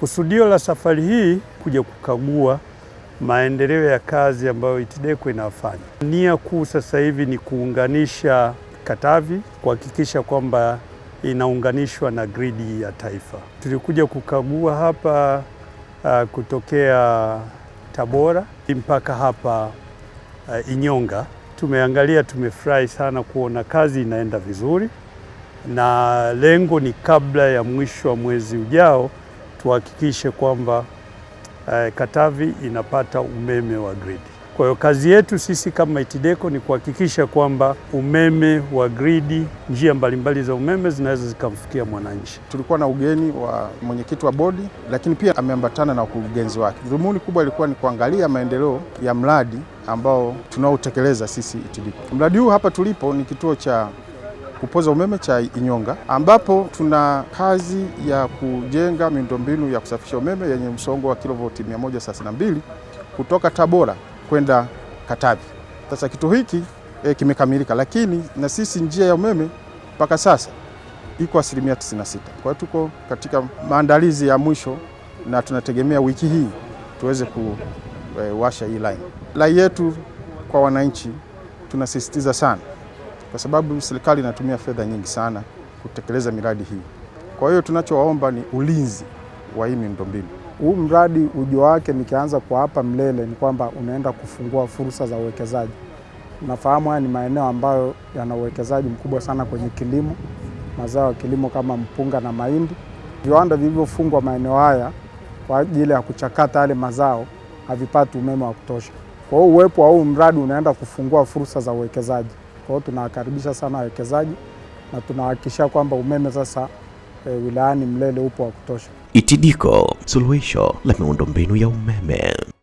Kusudio la safari hii kuja kukagua maendeleo ya kazi ambayo Itideco inafanya. Nia kuu sasa hivi ni kuunganisha Katavi, kuhakikisha kwamba inaunganishwa na gridi ya taifa. Tulikuja kukagua hapa uh, kutokea Tabora mpaka hapa uh, Inyonga. Tumeangalia, tumefurahi sana kuona kazi inaenda vizuri, na lengo ni kabla ya mwisho wa mwezi ujao tuhakikishe kwamba eh, Katavi inapata umeme wa gridi. Kwa hiyo kazi yetu sisi kama itideko ni kuhakikisha kwamba umeme wa gridi, njia mbalimbali za umeme zinaweza zikamfikia mwananchi. Tulikuwa na ugeni wa mwenyekiti wa bodi, lakini pia ameambatana na ukurugenzi wake. Dhumuni kubwa ilikuwa ni kuangalia maendeleo ya mradi ambao tunaotekeleza sisi ETDECO. Mradi huu hapa tulipo ni kituo cha kupoza umeme cha Inyonga, ambapo tuna kazi ya kujenga miundombinu ya kusafisha umeme yenye msongo wa kilovoti 132 kutoka Tabora kwenda Katavi. Sasa kitu hiki e, kimekamilika, lakini na sisi njia ya umeme mpaka sasa iko asilimia 96. Kwa hiyo tuko katika maandalizi ya mwisho na tunategemea wiki hii tuweze kuwasha eh, e, hii line. Rai yetu kwa wananchi tunasisitiza sana kwa sababu serikali inatumia fedha nyingi sana kutekeleza miradi hii. Kwa hiyo tunachowaomba ni ulinzi wa hii miundombinu. Huu mradi ujio wake, nikianza kwa hapa Mlele, ni kwamba unaenda kufungua fursa za uwekezaji. Unafahamu haya ni maeneo ambayo yana uwekezaji mkubwa sana kwenye kilimo, mazao ya kilimo kama mpunga na mahindi. Viwanda vilivyofungwa maeneo haya kwa ajili ya kuchakata yale mazao havipati umeme wa kutosha. Kwa hiyo uwepo wa huu mradi unaenda kufungua fursa za uwekezaji. Kwa hiyo tunawakaribisha sana wawekezaji na tunahakikisha kwamba umeme sasa e, wilayani Mlele upo wa kutosha. itidiko suluhisho la miundombinu ya umeme.